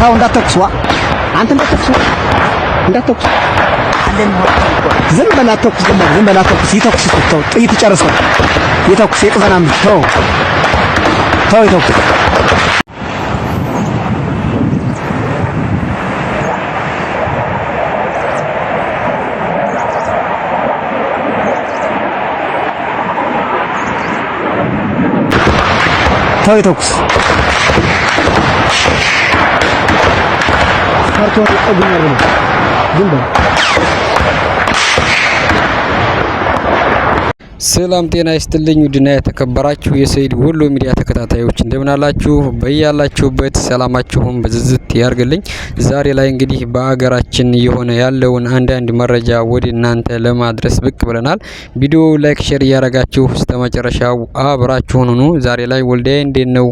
ተው እንዳትተኩስዋ፣ አንተ እንዳትተኩስ እንዳትተኩስ፣ ዝም በል አትተኩስ፣ ዝም በል ዝም በል አትተኩስ። ይተኩስ እሱ ተው፣ ጥይት ይጨርሰው፣ ይተኩስ፣ ይቅዘናም፣ ተው ተው፣ ጨርሶ ይተኩስ كارتون أو بالمرمى جنبه ሰላም ጤና ይስጥልኝ ውድና የተከበራችሁ የሰይድ ወሎ ሚዲያ ተከታታዮች እንደምን አላችሁ? በያላችሁበት ሰላማችሁም በዝዝት ያርግልኝ። ዛሬ ላይ እንግዲህ በሀገራችን የሆነ ያለውን አንዳንድ መረጃ ወደ እናንተ ለማድረስ ብቅ ብለናል። ቪዲዮ ላይክ፣ ሼር እያረጋችሁ እስከ መጨረሻው አብራችሁን ሁኑ። ዛሬ ላይ ወልዲያ እንዴት ነው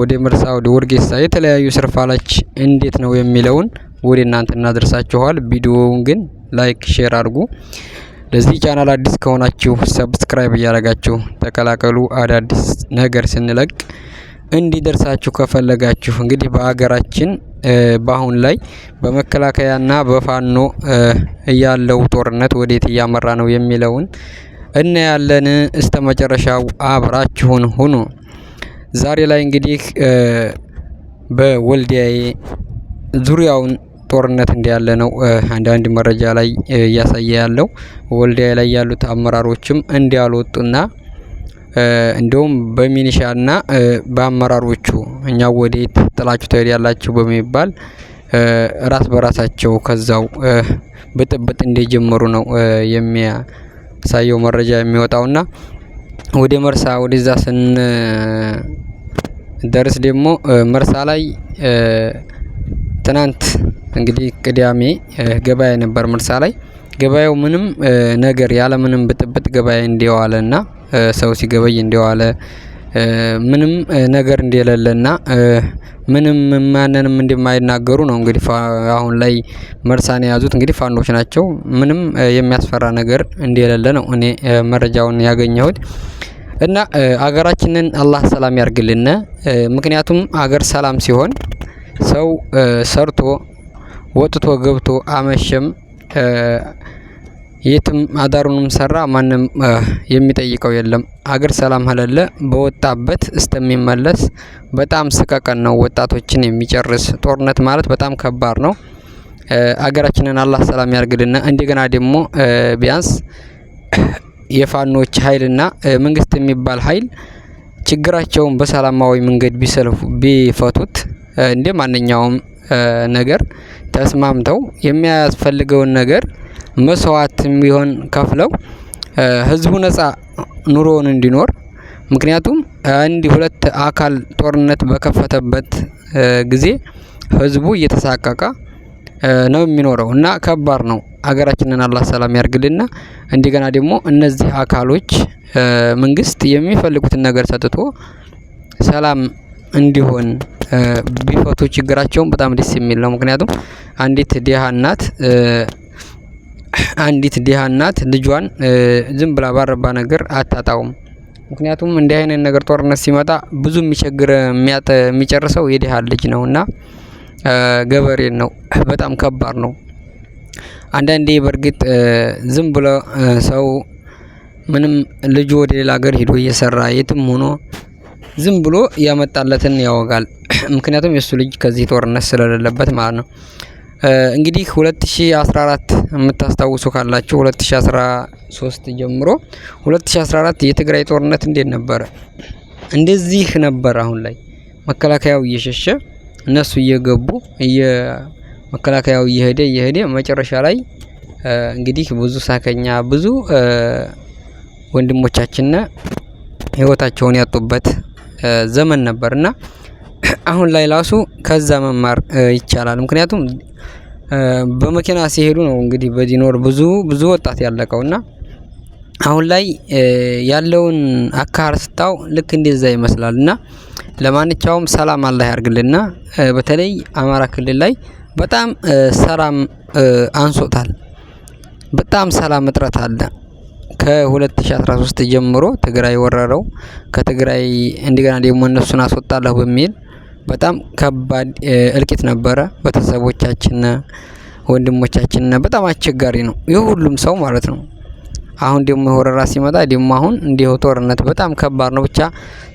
ወደ መርሳ ወደ ወርጌሳ የተለያዩ ስርፋላች እንዴት ነው የሚለውን ወደ እናንተ እናደርሳችኋል። ቪዲዮውን ግን ላይክ ሼር አድርጉ። ለዚህ ቻናል አዲስ ከሆናችሁ ሰብስክራይብ እያደረጋችሁ ተቀላቀሉ። አዳዲስ ነገር ስንለቅ እንዲደርሳችሁ ከፈለጋችሁ እንግዲህ በሀገራችን በአሁን ላይ በመከላከያና በፋኖ ያለው ጦርነት ወዴት እያመራ ነው የሚለውን እናያለን። እስተ መጨረሻው አብራችሁን ሁኑ። ዛሬ ላይ እንግዲህ በወልዲያዬ ዙሪያውን ጦርነት እንዳለ ነው አንዳንድ መረጃ ላይ እያሳየ ያለው። ወልዲያ ላይ ያሉት አመራሮችም እንዳልወጡና እንዲሁም በሚኒሻና በአመራሮቹ እኛ ወዴት ጥላችሁ ያላቸው በሚባል ራስ በራሳቸው ከዛው ብጥብጥ እንደጀመሩ ነው የሚያሳየው መረጃ የሚወጣውና ወደ መርሳ ወደዛ ስን ደርስ ደግሞ መርሳ ላይ ትናንት እንግዲህ ቅዳሜ ገበያ ነበር መርሳ ላይ ገበያው ምንም ነገር ያለምንም ብጥብጥ ገበያ እንደዋለና ሰው ሲገበይ እንደዋለ ምንም ነገር እና ምንም ማንንም እንደማይናገሩ ነው። እንግዲህ አሁን ላይ መርሳን የያዙት እንግዲህ ፋኖች ናቸው። ምንም የሚያስፈራ ነገር እንደሌለ ነው እኔ መረጃውን ያገኘሁት። እና አገራችንን አላህ ሰላም ያርግልን። ምክንያቱም አገር ሰላም ሲሆን ሰው ሰርቶ ወጥቶ ገብቶ አመሸም የትም አዳሩንም ሰራ ማንም የሚጠይቀው የለም። አገር ሰላም ከሌለ በወጣበት እስተሚመለስ በጣም ስቀቀን ነው ወጣቶችን የሚጨርስ ጦርነት ማለት በጣም ከባድ ነው። አገራችንን አላህ ሰላም ያርግልና እንደገና ደግሞ ቢያንስ የፋኖች ኃይልና መንግስት የሚባል ኃይል ችግራቸውን በሰላማዊ መንገድ ቢሰልፉ ቢፈቱት እንደ ማንኛውም ነገር ተስማምተው የሚያስፈልገውን ነገር መስዋዕት ቢሆን ከፍለው ህዝቡ ነፃ ኑሮውን እንዲኖር ምክንያቱም አንድ ሁለት አካል ጦርነት በከፈተበት ጊዜ ህዝቡ እየተሳቀቀ ነው የሚኖረው እና ከባድ ነው። ሀገራችንን አላህ ሰላም ያርግልና እንደገና ደግሞ እነዚህ አካሎች መንግስት የሚፈልጉትን ነገር ሰጥቶ ሰላም እንዲሆን ቢፈቱ ችግራቸውን በጣም ደስ የሚል ነው። ምክንያቱም አንዲት ድሃ እናት አንዲት ድሃ እናት ልጇን ዝም ብላ ባረባ ነገር አታጣውም። ምክንያቱም እንዲህ አይነት ነገር ጦርነት ሲመጣ ብዙ የሚቸግር የሚጨርሰው የድሃ ልጅ ነው እና ገበሬን ነው። በጣም ከባድ ነው። አንዳንዴ በእርግጥ ዝም ብሎ ሰው ምንም ልጁ ወደ ሌላ ሀገር ሂዶ እየሰራ የትም ሆኖ ዝም ብሎ ያመጣለትን ያወጋል። ምክንያቱም የእሱ ልጅ ከዚህ ጦርነት ስለሌለበት ማለት ነው። እንግዲህ 2014 የምታስታውሱ ካላችሁ 2013 ጀምሮ 2014 የትግራይ ጦርነት እንዴት ነበረ? እንደዚህ ነበር። አሁን ላይ መከላከያው እየሸሸ እነሱ እየገቡ መከላከያው እየሄደ እየሄደ መጨረሻ ላይ እንግዲህ ብዙ ሳከኛ ብዙ ወንድሞቻችን ህይወታቸውን ያጡበት ዘመን ነበር እና አሁን ላይ ራሱ ከዛ መማር ይቻላል። ምክንያቱም በመኪና ሲሄዱ ነው እንግዲህ በዲኖር ብዙ ብዙ ወጣት ያለቀው እና አሁን ላይ ያለውን አካር ስታው ልክ እንደዛ ይመስላል እና ለማንኛውም ሰላም አላህ ያርግልና በተለይ አማራ ክልል ላይ በጣም ሰላም አንሶታል። በጣም ሰላም እጥረት አለ። ከ2013 ጀምሮ ትግራይ ወረረው። ከትግራይ እንደገና ደግሞ እነሱን አስወጣለሁ በሚል በጣም ከባድ እልቂት ነበረ። ቤተሰቦቻችን ወንድሞቻችን በጣም አስቸጋሪ ነው ሁሉም ሰው ማለት ነው። አሁን ደግሞ ወረራ ሲመጣ ደግሞ አሁን እንዲሁ ጦርነት በጣም ከባድ ነው። ብቻ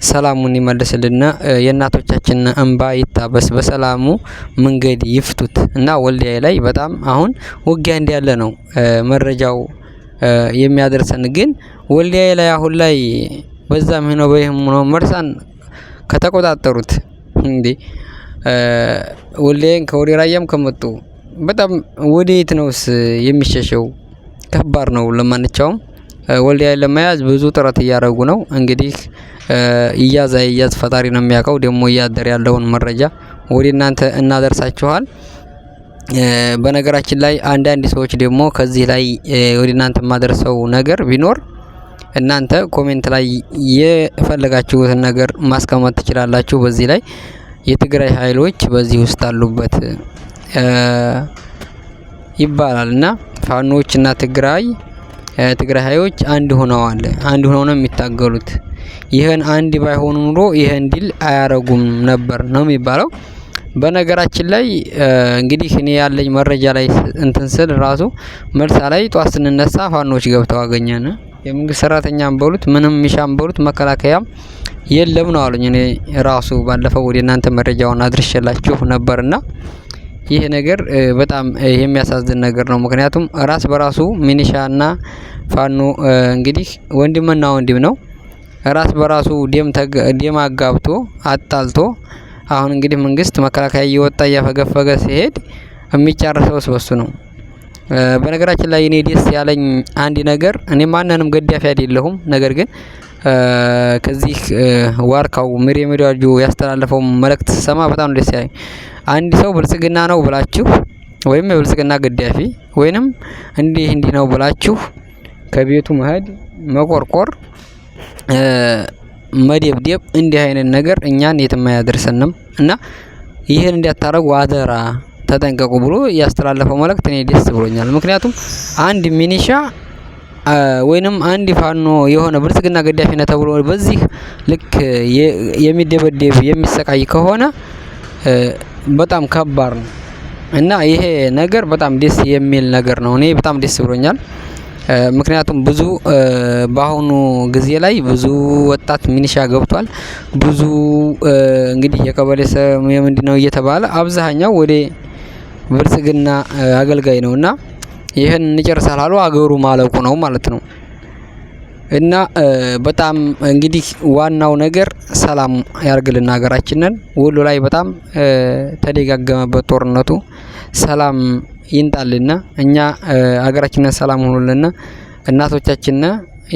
ሰላሙን ይመልስልን፣ የእናቶቻችን እንባ ይታበስ፣ በሰላሙ መንገድ ይፍቱት እና ወልዲያ ላይ በጣም አሁን ውጊያ እንዲያለ ነው መረጃው። የሚያደርሰን ግን ወልዲያ ላይ አሁን ላይ በዛም ሆኖ በይህም ሆኖ መርሳን ከተቆጣጠሩት እንዴ ወልዲያን ከወደ ራያም ከመጡ በጣም ወዴት ነውስ የሚሸሸው? ከባድ ነው። ለማንኛውም ወልዲያ ለመያዝ ብዙ ጥረት እያደረጉ ነው። እንግዲህ እያዝ አይያዝ ፈጣሪ ነው የሚያውቀው። ደግሞ እያደር ያለውን መረጃ ወደ እናንተ እናደርሳችኋል። በነገራችን ላይ አንዳንድ ሰዎች ደግሞ ከዚህ ላይ ወደ እናንተ የማደርሰው ነገር ቢኖር እናንተ ኮሜንት ላይ የፈለጋችሁትን ነገር ማስቀመጥ ትችላላችሁ። በዚህ ላይ የትግራይ ኃይሎች በዚህ ውስጥ አሉበት ይባላል እና ፋኖች እና ትግራይ ትግራይ ኃይሎች አንድ ሆነዋል። አንድ ሆነው ነው የሚታገሉት። ይህን አንድ ባይሆኑ ኑሮ ይህን ድል አያረጉም ነበር ነው የሚባለው። በነገራችን ላይ እንግዲህ እኔ ያለኝ መረጃ ላይ እንትን ስል ራሱ መልሳ ላይ ጧት ስንነሳ ፋኖች ገብተው አገኘን። የመንግስት ሰራተኛም በሉት ምንም ሚሻም በሉት መከላከያም የለም ነው አሉኝ። እኔ ራሱ ባለፈው ወደ እናንተ መረጃውን አድርሼላችሁ ነበርና ይህ ነገር በጣም የሚያሳዝን ነገር ነው። ምክንያቱም ራስ በራሱ ሚኒሻና ፋኖ እንግዲህ ወንድምና ወንድም ነው። ራስ በራሱ ደም አጋብቶ አጣልቶ አሁን እንግዲህ መንግስት መከላከያ እየወጣ እያፈገፈገ ሲሄድ የሚጫረሰው ስበሱ ነው። በነገራችን ላይ እኔ ደስ ያለኝ አንድ ነገር እኔ ማንንም ገዳፊ አይደለሁም። ነገር ግን ከዚህ ዋርካው ምሬ ወዳጁ ያስተላለፈው መልእክት ስሰማ በጣም ደስ ያለኝ አንድ ሰው ብልጽግና ነው ብላችሁ ወይም የብልጽግና ገዳፊ ወይንም እንዲህ እንዲህ ነው ብላችሁ ከቤቱ መሄድ መቆርቆር መደብደብ እንዲህ አይነት ነገር እኛን የትም አያደርሰንም እና ይህን እንዳታረጉ አደራ ተጠንቀቁ ብሎ ያስተላለፈው መልእክት እኔ ደስ ብሎኛል። ምክንያቱም አንድ ሚኒሻ ወይንም አንድ ፋኖ የሆነ ብልጽግና ገዳፊነት ተብሎ በዚህ ልክ የሚደበደብ የሚሰቃይ ከሆነ በጣም ከባድ ነው እና ይሄ ነገር በጣም ደስ የሚል ነገር ነው። እኔ በጣም ደስ ብሎኛል። ምክንያቱም ብዙ በአሁኑ ጊዜ ላይ ብዙ ወጣት ሚኒሻ ገብቷል። ብዙ እንግዲህ የቀበሌ ሰው የምንድን ነው እየተባለ አብዛኛው ወደ ብልጽግና አገልጋይ ነው እና ይህን እንጨርሳል አሉ አገሩ ማለቁ ነው ማለት ነው። እና በጣም እንግዲህ ዋናው ነገር ሰላም ያርግልና ሀገራችንን። ወሎ ላይ በጣም ተደጋገመበት ጦርነቱ ሰላም ይንጣልና እኛ ሀገራችንን ሰላም ሆኖልና እናቶቻችንና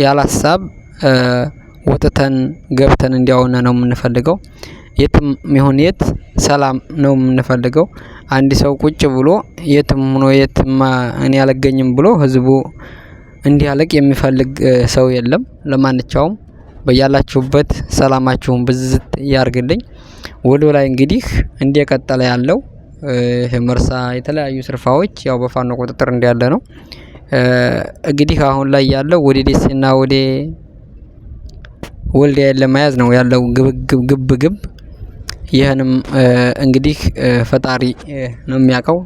ያለ ሀሳብ ወጥተን ገብተን እንዲያውና ነው የምንፈልገው። የትም ይሁን የት ሰላም ነው የምንፈልገው። አንድ ሰው ቁጭ ብሎ የትም ሆኖ የትም እኔ አልገኝም ብሎ ህዝቡ እንዲያለቅ የሚፈልግ ሰው የለም። ለማንቻውም በያላችሁበት ሰላማችሁን ብዝት ያርግልኝ። ወሎ ላይ እንግዲህ እንደቀጠለ ያለው መርሳ የተለያዩ ስርፋዎች ያው በፋኖ ቁጥጥር እንዳለ ነው። እንግዲህ አሁን ላይ ያለው ወደ ደሴና ወደ ወልዲያ ለመያዝ ነው ያለው ግብ ግብ። ይህንም እንግዲህ ፈጣሪ ነው የሚያውቀው።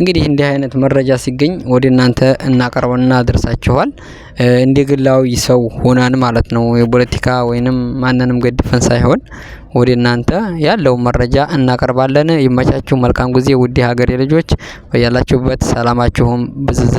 እንግዲህ እንዲህ አይነት መረጃ ሲገኝ ወደ እናንተ እናቀርበና እናደርሳችኋል። እንደ ግላዊ ሰው ሆናን ማለት ነው። የፖለቲካ ወይንም ማንንም ገድፈን ሳይሆን ወደ እናንተ ያለው መረጃ እናቀርባለን። ይመቻችሁ። መልካም ጊዜ ውድ ሀገሬ ልጆች፣ በያላችሁበት ሰላማችሁም ብዝዝ